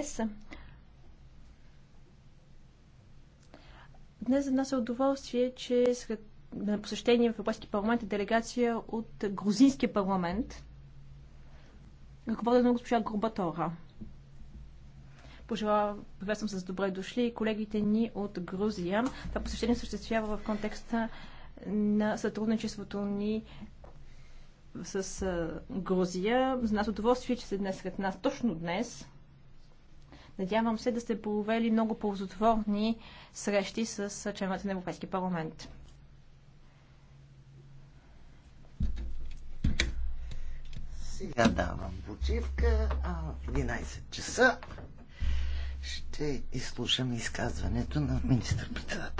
ЕС. Днес за нас е удоволствие, че сред на посещение в Европейския парламент е делегация от Грузинския парламент, ръководена на госпожа Горбатора. Пожелавам, приветствам с добре дошли колегите ни от Грузия. Това посещение съществява в контекста на сътрудничеството ни с Грузия. За нас е удоволствие, че се днес сред нас, точно днес, Надявам се да сте провели много ползотворни срещи с членовете на Европейския парламент. Сега давам почивка. В 11 часа ще изслушам изказването на министър-председател.